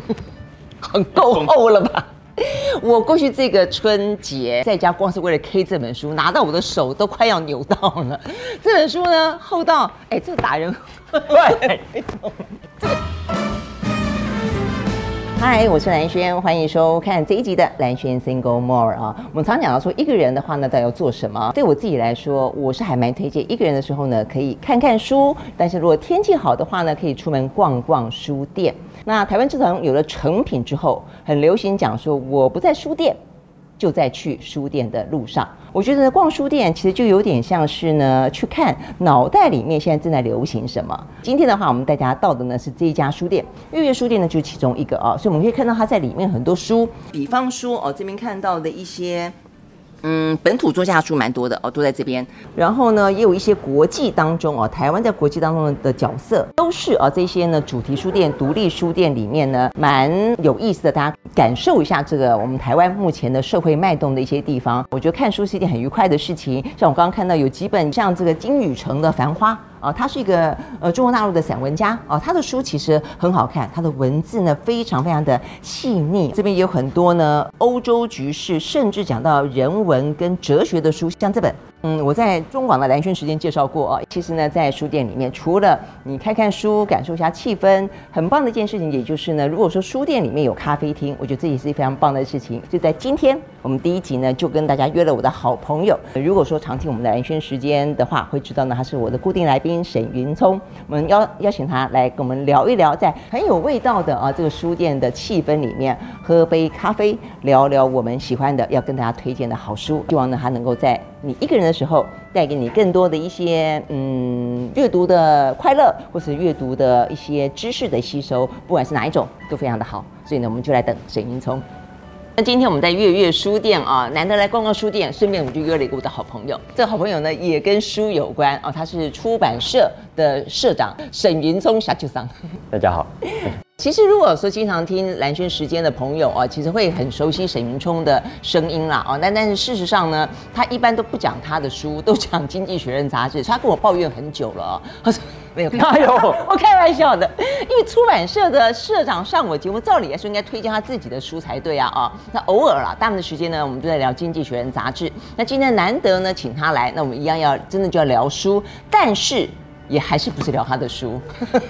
很夠厚、oh、了吧？ 我過去這個春節在家，光是為了 K 這本書，拿到我的手都快要扭到了。這本書呢，厚到哎、欸，這個、打人 嗨，Hi, 我是蘭萱，歡迎收看這一集的蘭萱 Single More 啊。我們常講到說，一個人的話呢，到底要做什麼？對我自己來說，我是還蠻推薦一個人的時候呢，可以看看書。但是如果天氣好的話呢，可以出門逛逛書店。那台灣自從有了誠品之後，很流行講說，我不在書店。就在去書店的路上，我覺得逛書店其實就有點像是呢，去看腦袋裡面現在正在流行什麼。今天的話，我們帶大家到的呢是這一家書店，月月書店呢就是其中一個啊，所以我們可以看到它在裡面很多書，比方說哦這邊看到的一些，嗯，本土作家書蠻多的哦，都在這邊。然後呢，也有一些國際當中哦，台灣在國際當中的角色都是啊、哦，這些呢主題書店、獨立書店裡面呢，蠻有意思的。大家感受一下這個我們台灣目前的社會脈動的一些地方。我覺得看書是一件很愉快的事情。像我剛剛看到有幾本，像這個金宇澄的《繁花》。啊、哦，他是一個呃中國大陸的散文家哦，他的書其實很好看，他的文字呢非常非常的細膩，這邊也有很多呢歐洲局勢，甚至講到人文跟哲學的書，像這本。嗯，我在中廣的蘭萱時間介紹過啊。其實呢，在書店裡面，除了你看看書、感受一下氣氛，很棒的一件事情，也就是呢，如果說書店裡面有咖啡廳，我覺得這也是一非常棒的事情。就在今天我們第一集呢，就跟大家約了我的好朋友。如果說常聽我們的蘭萱時間的話，會知道呢，他是我的固定來賓沈雲驄。我們邀邀請他來跟我們聊一聊，在很有味道的啊這個書店的氣氛裡面，喝杯咖啡，聊聊我們喜歡的、要跟大家推薦的好書。希望呢，他能夠在。你一個人的時候，帶給你更多的一些，嗯，閱讀的快樂，或是閱讀的一些知識的吸收，不管是哪一種，都非常的好。所以呢，我們就來等沈雲驄。那今天我們在月月書店啊，難得來逛逛書店，順便我們就約了一個我的好朋友。這個好朋友呢，也跟書有關哦、啊，他是出版社的社長沈雲驄小丘桑。秋大家好。 其實如果說經常聽蘭萱時間的朋友啊，其實會很熟悉沈雲驄的聲音啦啊。但但是事實上呢，他一般都不講他的書，都講《經濟學人》雜誌。所以他跟我抱怨很久了，他說沒有。沒、哎、有，我開玩笑的。因為出版社的社長上我節目，照理來說應該推薦他自己的書才對啊啊。那偶爾啊，大部分的時間呢，我們都在聊《經濟學人》雜誌。那今天難得呢，請他來，那我們一樣要真的就要聊書，但是也還是不是聊他的書。呵呵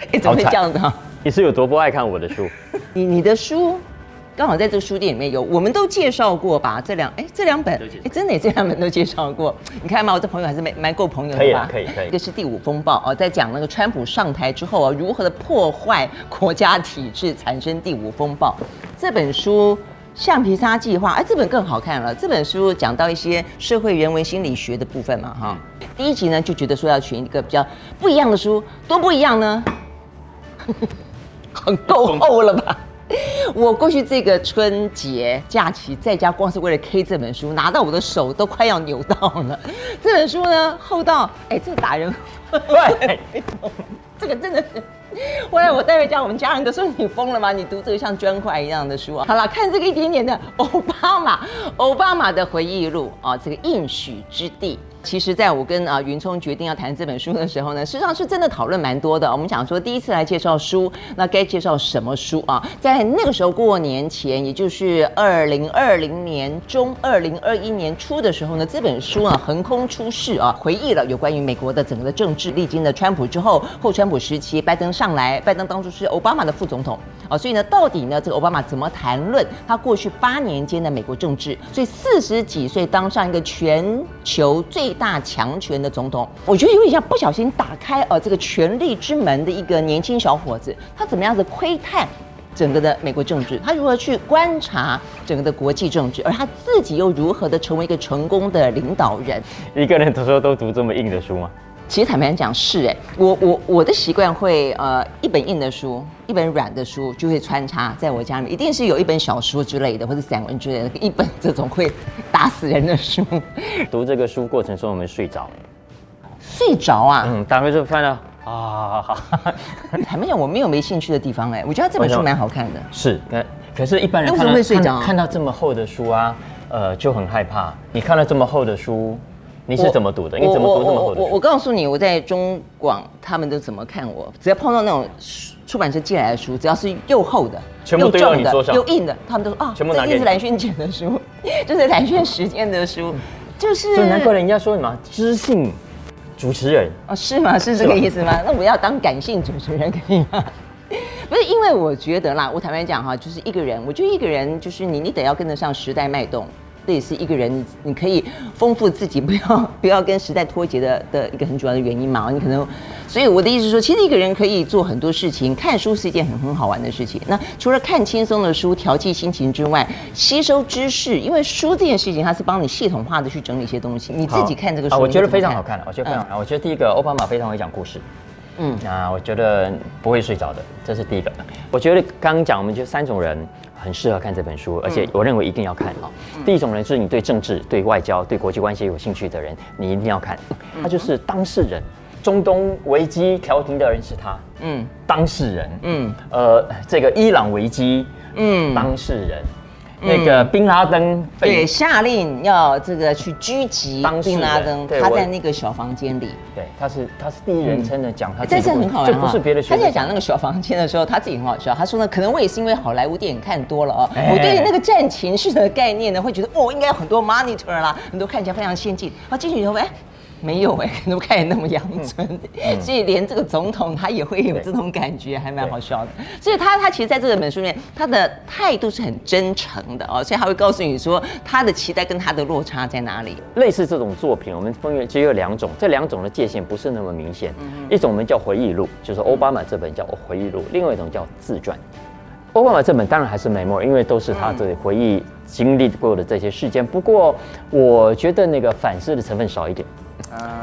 哎、欸，怎麼會這樣呢你、喔、是有多不愛看我的書？ 你你的書剛好在這個書店裡面有，我們都介紹過吧？這兩哎、欸，這兩本哎、欸，真的這兩本都介紹過。你看嘛，我這朋友還是蠻蠻夠朋友的吧，可以啊，可以，可以。這是《第五風暴》哦、喔，在講那個川普上台之後啊、喔，如何的破壞國家體制，產生第五風暴。這本書《橡皮擦計劃》哎、欸，這本更好看了。這本書講到一些社會人文心理學的部分嘛，哈、喔。第一集呢，就覺得說要選一個比較不一樣的書，多不一樣呢？ 很夠厚、oh，了吧？我過去這個春節假期在家，光是為了 K 這本書，拿到我的手都快要扭到了。這本書呢，厚到哎，這打人對， 這個真的是。後來我帶回家，我們家人都說你瘋了嗎？你讀這個像磚塊一樣的書。好了，看這個一點點的歐巴馬，歐巴馬的回憶錄啊，這個應許之地。其實，在我跟啊雲驄決定要談這本書的時候呢，事實上是真的討論蠻多的。我們想說，第一次來介紹書，那該介紹什麼書啊？在那個時候過年前，也就是二零二零年中、二零二一年初的時候呢，這本書啊橫空出世啊，回憶了有關於美國的整個的政治，歷經了川普之後、後川普時期，拜登上來，拜登當初是歐巴馬的副總統啊，所以呢，到底呢這個歐巴馬怎麼談論他過去八年間的美國政治？所以四十幾歲當上一個全球最大強權的總統，我覺得有點像不小心打開呃，這個權力之門的一個年輕小伙子，他怎麼樣子窺探整個的美國政治，他如何去觀察整個的國際政治，而他自己又如何的成為一個成功的領導人？一個人讀書都讀這麼硬的書嗎？其實坦白講是哎，我我我的習慣會呃，一本硬的書，一本軟的書就會穿插在我家裡，一定是有一本小說之類的，或者散文之類的，一本這種會打死人的書。讀這個書過程中有有，說我們睡着，睡着啊？嗯，打回就翻了啊，好，好，好，好， 坦白講我沒有沒興趣的地方哎，我覺得這本書蠻好看的。是，可可是一般人為什麼會睡着？看到這麼厚的書啊，呃，就很害怕。你看了這麼厚的書。你是怎麼讀的？我你怎麼讀那麼厚的我？我我,我告訴你，我在中廣，他們都怎麼看我？只要碰到那種書出版社寄來的書，只要是又厚的、又重的、又硬的，他們都說啊全部這，這是蘭萱姐的書，就是蘭萱時間的書，就是。 所以難怪人家說什麼知性主持人啊、哦？是嗎？是這個意思嗎？嗎那我要當感性主持人可以嗎？不是，因為我覺得啦，我坦白講哈，就是一個人，我覺得一個人就是你，你得要跟得上時代脈動。這也是一個人，你可以豐富自己，不要不要跟時代脫節的的一個很主要的原因嘛。你可能，所以我的意思是說，其實一個人可以做很多事情。看書是一件很很好玩的事情。那除了看輕鬆的書，調劑心情之外，吸收知識，因為書這件事情，它是幫你系統化的去整理一些東西。你自己看這個書，好我覺得非常好看。我覺得非常好看，我覺得第一個奧巴馬非常會講故事。嗯，那我覺得不會睡着的，這是第一個。我覺得剛剛講，我們就三種人。很適合看這本書，而且我認為一定要看啊，哦！嗯，第一種人就是你對政治、對外交、對國際關係有興趣的人，你一定要看。他就是當事人，中東危機調停的人是他，嗯，當事人，嗯，呃，這個伊朗危機，嗯，呃，當事人。嗯、那個賓拉登，對下令要這個去狙擊賓拉登，他在那個小房間裡。對，他是他是第一人稱的講、嗯、他。這是很好玩，這不是別的。嗯、他在講那個小房間的時候，他自己很好笑。他說呢，可能我也是因為好萊塢電影看多了哦、喔，欸、我對那個戰情室的概念呢，會覺得哦、喔、應該有很多 monitor 啦，很多看起來非常先進。他、啊、進去以後，哎。沒有哎、欸，怎麼看你那麼陽春？嗯、所以連這個總統他也會有這種感覺，對還蠻好笑的。對所以他他其實在這個本書裡面，他的態度是很真誠的哦，所以他會告訴你說他的期待跟他的落差在哪裡。類似這種作品，我們分為只有兩種，這兩種的界限不是那麼明顯。嗯嗯，一種我們叫回憶錄，就是歐巴馬這本叫回憶錄；另外一種叫自傳。歐巴馬這本當然還是 memoir 因為都是他的回憶經歷過的這些事件。嗯、不過我覺得那個反思的成分少一點。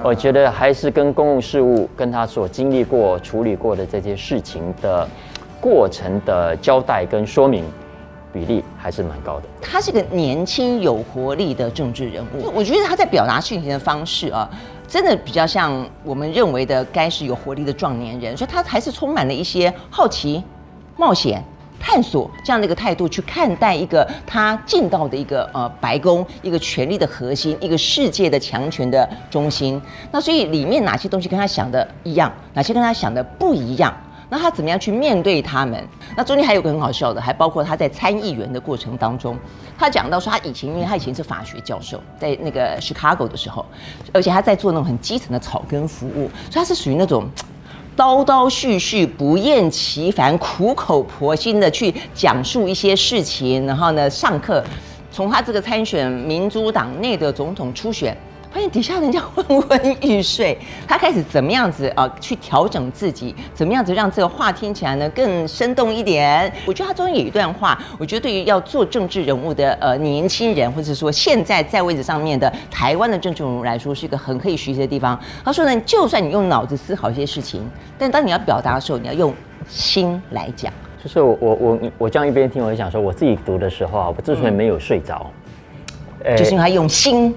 我覺得還是跟公共事務，跟他所經歷過、處理過的這些事情的過程的交代跟說明，比例還是蠻高的。他是個年輕有活力的政治人物，我覺得他在表達事情的方式啊，真的比較像我們認為的該是有活力的壯年人，所以他還是充滿了一些好奇、冒險。探索這樣的一個態度去看待一個他進到的一個呃白宮，一個權力的核心，一個世界的強權的中心。那所以裡面哪些東西跟他想的一樣，哪些跟他想的不一樣？那他怎麼樣去面對他們？那中間還有個很好笑的，還包括他在參議員的過程當中，他講到說他以前，因為他以前是法學教授，在那個 Chicago 的時候，而且他在做那種很基層的草根服務，所以他是屬於那種。叨叨絮絮，不厭其煩，苦口婆心的去講述一些事情，然後呢，上課，從他這個參選民主黨內的總統初選。發現底下人家昏昏欲睡，他開始怎麼樣子啊、呃、去調整自己，怎麼樣子讓這個話聽起來呢更生動一點？我覺得他中間有一段話，我覺得對於要做政治人物的呃年輕人，或者說現在在位置上面的台灣的政治人物來說，是一個很可以學習的地方。他說呢，就算你用腦子思考一些事情，但當你要表達的時候，你要用心來講。就是我我我我這樣一邊聽，我想說我自己讀的時候啊，我之所以沒有睡着，嗯欸、就是因為他用心。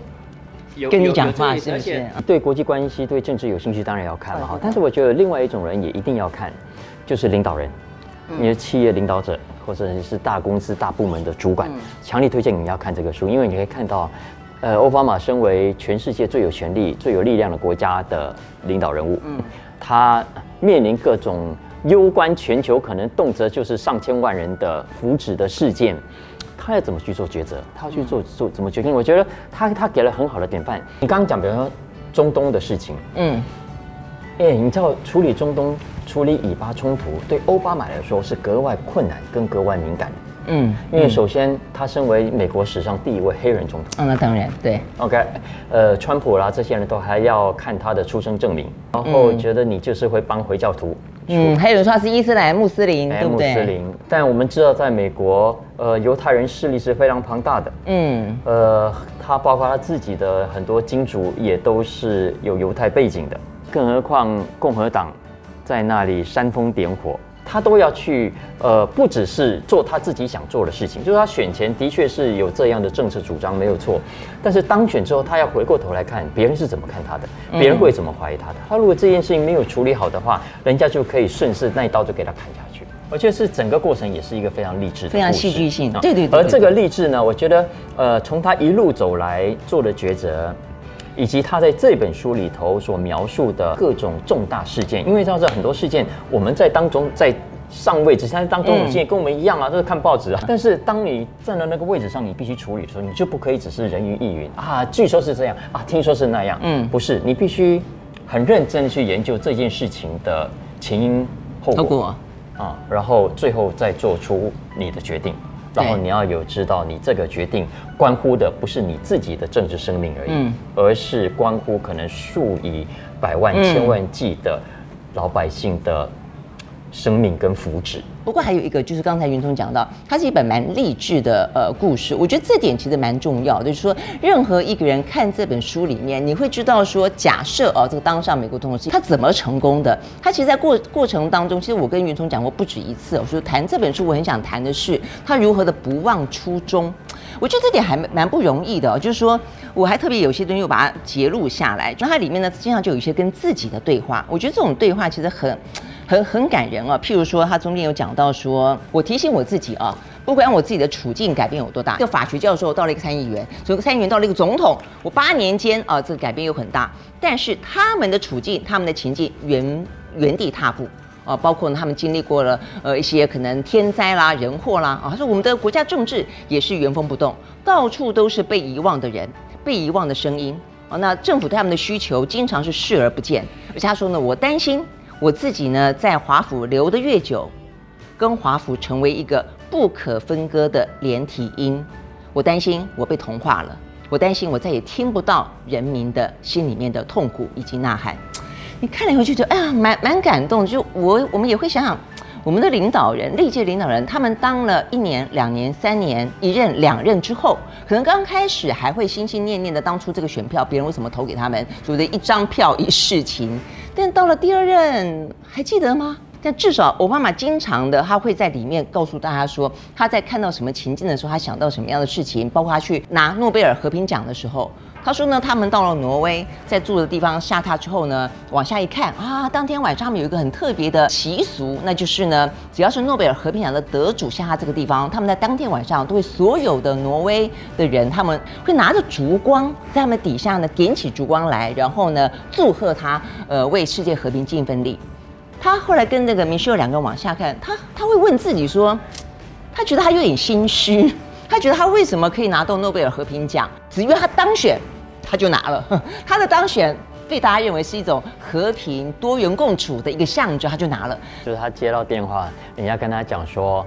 有跟你講話是，是對國際關係、對政治有興趣，當然要看了哈。嗯、但是我覺得另外一種人也一定要看，就是領導人，嗯、你的企業領導者或者是大公司、大部門的主管，嗯、強力推薦你要看這個書，因為你可以看到，呃，奧巴馬身為全世界最有權力、最有力量的國家的領導人物，嗯，他面臨各種攸關全球可能動輒就是上千萬人的福祉的事件。他要怎麼去做抉擇？他要去做做,做怎麼決定？我覺得他他給了很好的典範。你剛剛講，比如說中東的事情，嗯，因、欸、你知道處理中東、處理以巴衝突，對歐巴馬來說是格外困難、跟格外敏感的，嗯，因為首先他身為美國史上第一位黑人總統，嗯，那當然對。OK，呃，川普啦、啊、這些人都還要看他的出生證明，然後覺得你就是會幫回教徒。嗯，還有人說他是伊斯蘭穆斯林，欸、對不對？穆斯林。但我們知道，在美國，呃，猶太人勢力是非常龐大的。嗯，呃，他包括他自己的很多金主也都是有猶太背景的，更何況共和黨在那裡煽風點火。他都要去，呃，不只是做他自己想做的事情，就是他選前的確是有這樣的政策主張，沒有錯。但是當選之後，他要回過頭來看別人是怎麼看他的，別人會怎麼懷疑他的。嗯、他如果這件事情沒有處理好的話，人家就可以順勢那一刀就給他砍下去。而且是整個過程也是一個非常勵志、非常戲劇性啊。對對，對，對、呃。而這個勵志呢，我覺得，呃，從他一路走來做的抉擇。以及他在這本書裡頭所描述的各種重大事件，因為他說很多事件，我們在當中、在上位者，他當中有些跟我們一樣啊，嗯、都是看報紙啊。但是當你站在那個位置上，你必須處理的時候，你就不可以只是人云亦云啊，據說是這樣啊，聽說是那樣，嗯，不是，你必須很認真的去研究這件事情的前因後果啊，啊，然後最後再做出你的決定。然後你要有知道，你這個決定關乎的不是你自己的政治生命而已，嗯、而是關乎可能數以百萬、千萬計的老百姓的。生命跟福祉。不過還有一個，就是剛才雲驄講到，它是一本蠻勵志的呃故事。我覺得這點其實蠻重要，就是說任何一個人看這本書裡面，你會知道說，假設哦，這個當上美國總統，他怎麼成功的？他其實，在過過程當中，其實我跟雲驄講過不止一次，我、哦、說談這本書，我很想談的是他如何的不忘初衷。我覺得這點還蠻不容易的、哦，就是說我還特別有些東西我把它截錄下來。就它裡面呢，經常就有一些跟自己的對話。我覺得這種對話其實很。很很感人啊！譬如說，他中間有講到說，我提醒我自己啊，不管我自己的處境改變有多大，一個法學教授到了一個參議員，從一個參議員到了一個總統，我八年間啊，這個改變又很大。但是他們的處境、他們的情境原原地踏步啊，包括他們經歷過了呃一些可能天災啦、人禍啦啊，他說我們的國家政治也是原封不動，到處都是被遺忘的人、被遺忘的聲音啊。那政府對他們的需求經常是視而不見，而且他說呢，我擔心。我自己呢，在華府留得越久，跟華府成為一個不可分割的連體嬰。我擔心我被同化了，我擔心我再也聽不到人民的心裡面的痛苦以及吶喊。你看了以後就覺得哎呀，蠻蠻感動。就我我們也會想想，我們的領導人，歷屆領導人，他們當了一年、兩年、三年，一任兩任之後，可能剛開始還會心心念念的當初這個選票，別人為什麼投給他們，所謂的一張票一事情。但到了第二任，還記得嗎？但至少歐巴馬經常的，他會在裡面告訴大家說，他在看到什麼情境的時候，他想到什麼樣的事情。包括他去拿諾貝爾和平獎的時候，他說呢，他們到了挪威，在住的地方下榻之後呢，往下一看啊，當天晚上他們有一個很特別的習俗，那就是呢，只要是諾貝爾和平獎的得主下榻這個地方，他們在當天晚上都會所有的挪威的人他們會拿着燭光在他們底下呢點起燭光來，然後呢祝賀他，呃，為世界和平盡一份力。他後來跟那個米歇爾兩個往下看，他他會問自己說，他覺得他有點心虛，他覺得他為什麼可以拿到諾貝爾和平獎？只因為他當選，他就拿了。他的當選被大家認為是一種和平、多元共處的一個象徵，他就拿了。就是他接到電話，人家跟他講說，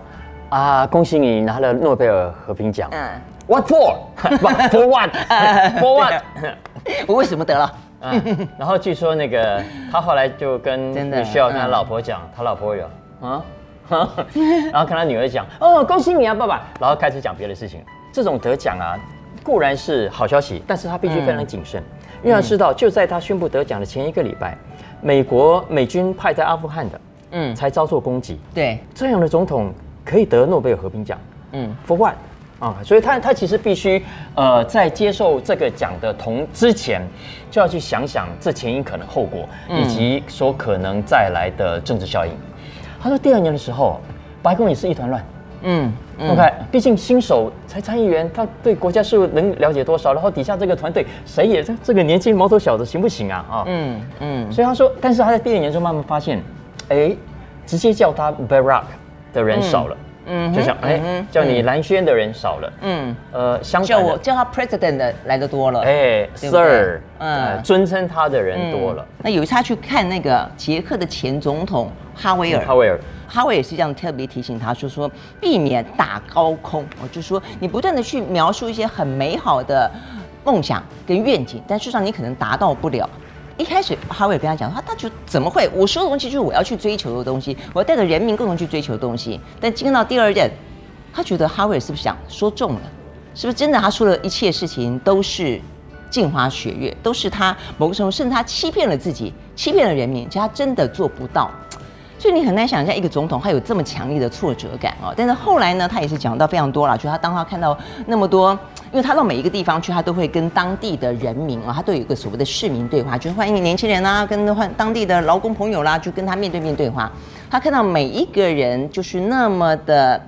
啊，恭喜你拿了諾貝爾和平獎。嗯。What for？For what？For what？我為什麼得了？然後據說那個他後來就跟需要跟他老婆講，他老婆有啊，然後跟他女兒講，哦，恭喜你啊，爸爸。然後開始講別的事情。這種得獎啊，固然是好消息，但是他必須非常謹慎，因為要知道，就在他宣布得獎的前一個禮拜，美國美軍派在阿富汗的，嗯，才遭受攻擊。對，這樣的總統可以得諾貝爾和平獎？嗯，for one。啊，所以他他其實必須，呃，在接受這個獎的同之前，就要去想想這前因可能後果，以及所可能帶來的政治效應。嗯、他說第二年的時候，白宮也是一團亂、嗯。嗯，OK，畢竟新手才參議員，他對國家事務能了解多少？然後底下這個團隊，誰也這這個年輕毛頭小子行不行啊？啊，嗯嗯。嗯，所以他說，但是他在第二年就慢慢發現，哎、欸，直接叫他 Barack 的人少了。嗯嗯，mm hmm, 就像哎，欸 mm hmm, 叫你蘭萱的人少了，嗯，mm, 呃，相對，叫我叫他 president 來的多了，哎、欸、sir，嗯，尊稱他的人多了。嗯、那有一次他去看那個捷克的前總統哈維爾，哈維爾，哈維爾是這樣特別提醒他，就說避免打高空，我就說你不斷的去描述一些很美好的夢想跟願景，但事實上你可能達到不了。一開始哈維爾跟他講，他他就怎麼會？我說的東西就是我要去追求的東西，我要帶着人民共同去追求的東西。但進入到第二任，他覺得哈維爾是不是想說中了？是不是真的他說的一切事情都是鏡花雪月，都是他某個時候甚至他欺騙了自己，欺騙了人民？其實他真的做不到。所以你很難想象一個總統他有這麼強烈的挫折感哦、喔，但是後來呢，他也是講到非常多了，就是他當他看到那麼多，因為他到每一個地方去，他都會跟當地的人民哦、喔，他都有一個所謂的市民對話，就是歡迎年輕人啦、啊，跟換當地的勞工朋友啦，就跟他面對面對話，他看到每一個人就是那麼的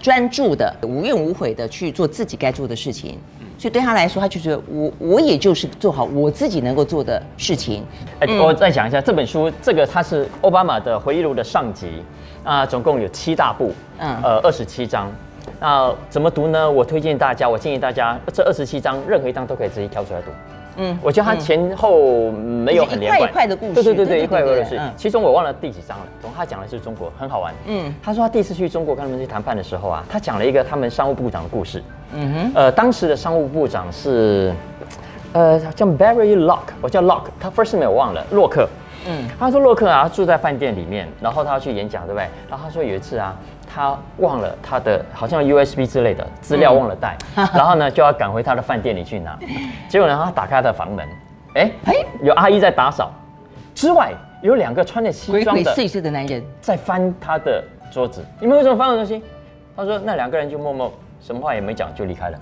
專注的，無怨無悔的去做自己該做的事情。所以對他來說，他就覺得，我，我也就是做好我自己能夠做的事情。哎、欸，嗯、我再講一下這本書，這個它是奧巴馬的回憶錄的上集，那、啊、總共有七大部，嗯，呃，二十七章。那、啊、怎麼讀呢？我推薦大家，我建議大家這二十七章任何一章都可以自己挑出來讀。嗯，嗯，我覺得他前後沒有很連貫，一塊一塊的故事，對對對對，對對對，一塊一塊的故事。對對對，其中我忘了第幾章了，總、嗯、哦、他講的是中國，很好玩。嗯，他說他第一次去中國跟他們去談判的時候啊，他講了一個他們商務部長的故事。嗯哼，呃，當時的商務部長是，呃，叫 Berry Lock，我叫 Lock，他 first name 我忘了，洛克。嗯，他說洛克啊住在飯店裡面，然後他要去演講，對不對？然後他說有一次啊，他忘了他的好像 USB 之類的資料忘了帶，嗯、然後呢就要趕回他的飯店裡去拿。 結果呢，他打開他的房門，哎、欸欸、有阿姨在打掃，之外有兩個穿着西裝的鬼鬼祟祟的男人在翻他的桌子。你們為什麼翻我東西？他說那兩個人就默默。什麼話也沒講就離開了，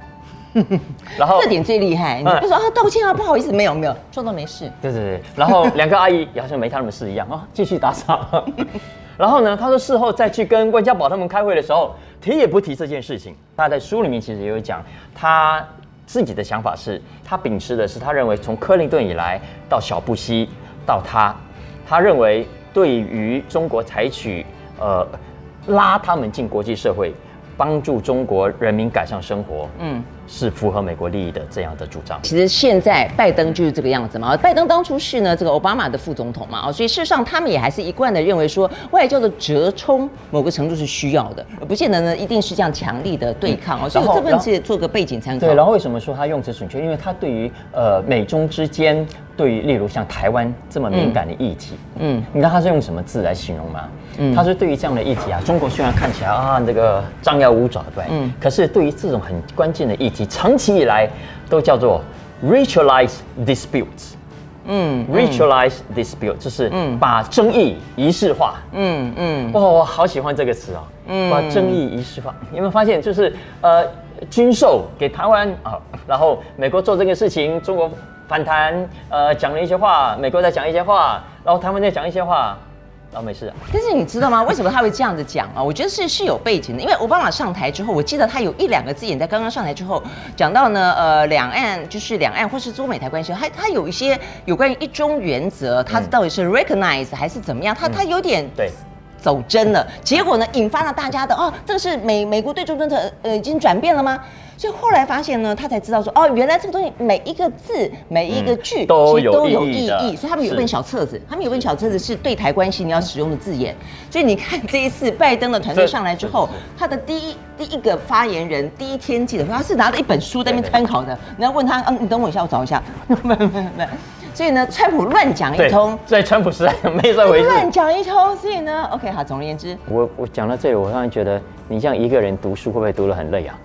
然後 這點最厲害，你不說啊，道歉啊，不好意思，沒有沒有，撞到，沒事。 對對對，然後兩個阿姨也好像沒他們事一樣啊，繼續打掃。然後呢，他說事後再去跟溫家寶他們開會的時候，提也不提這件事情。大家在書裡面其實也有講，他自己的想法是，他秉持的是他認為從克林頓以來到小布希到他，他認為對於中國採取呃拉他們進國際社會。幫助中國人民改善生活。嗯。是符合美國利益的這樣的主張。其實現在拜登就是這個樣子嘛，拜登當初是呢這個奧巴馬的副總統嘛，哦，所以事實上他們也還是一貫的認為說外交的折衝某個程度是需要的，不見得呢一定是這樣強力的對抗哦。嗯、所以這份是做個背景參考、嗯。對，然後為什麼說他用詞準確？因為他對於呃美中之間對於例如像台灣這麼敏感的議題，嗯，嗯，你看他是用什麼字來形容嗎？嗯、他是對於這樣的議題啊，中國雖然看起來啊這、那個張牙舞爪的，對，嗯，可是對於這種很關鍵的議題。長期以來，都叫做 ritualize disputes、嗯。dispute, 嗯，ritualize dispute 就是把爭議儀式化。嗯嗯，哇、嗯哦，我好喜歡這個詞啊、哦！嗯、把爭議儀式化，你有沒有發現？就是呃，軍售給台灣啊，然後美國做這個事情，中國反彈，呃，講了一些話，美國在講一些話，然後台灣在講一些話。啊，沒事、啊、但是你知道嗎？為什麼他會這樣子講啊？ 我覺得是是有背景的。因為奧巴馬上台之後，我記得他有一兩個字眼，在剛剛上台之後講到呢，呃，兩岸就是兩岸或是中美台關係，他他有一些有關於一中原則，他到底是 recognize 還是怎麼樣？他他有點、嗯、對。走真了，結果呢，引發了大家的哦，這個是美美國對中政策，呃、已經轉變了嗎？所以後來發現呢，他才知道說哦，原來這個東西，每一個字每一個句、嗯、都，其實都有都有意義。所以他們有本小冊子，是他們有本小冊子是對台關係，你要使用的字眼。所以你看這一次拜登的團隊上來之後，他的第一第一個發言人第一天記得，他是拿着一本書在那邊參考的。對對對，你要問他，嗯、啊，你等我一下，我找一下。沒沒沒。所以呢，川普亂講一通，所以川普實在沒在危險。亂講 一通，所以呢，OK，好，總而言之，我我講到這裡，我突然覺得你像一個人讀書會不會讀得很累啊？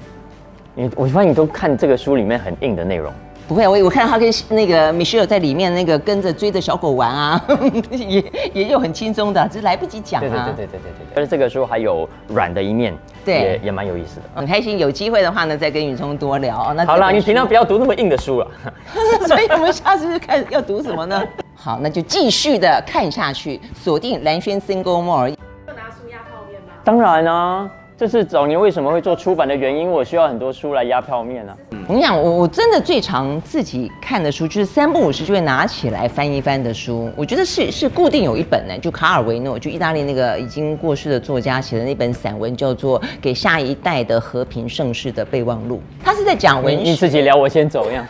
你我發現你都看這個書裡面很硬的內容。不會，我我看到他跟那個 Michelle 在裡面那個跟着追着小狗玩啊，也也有很輕鬆的，只是來不及講啊。對，對對對對對對。而且這個書還有軟的一面，對也也蠻有意思的，很開心。有機會的話呢，再跟雲驄多聊。那好了，你平常不要讀那麼硬的書了，啊， 所以我們下次看要讀什麼呢？ 好，那就繼續的看下去，鎖定蘭萱 Single More，就拿書壓泡麵嗎？當然啦，啊。這是早年為什麼會做出版的原因，我需要很多書來壓票面呢、啊。我跟你講，我我真的最常自己看的書，就是三不五時就會拿起來翻一翻的書。我覺得是是固定有一本呢，就卡爾維諾，就意大利那個已經過世的作家寫的那本散文，叫做《給下一代的和平盛世的備忘錄》。他是在講文，你自己聊，我先走，一樣。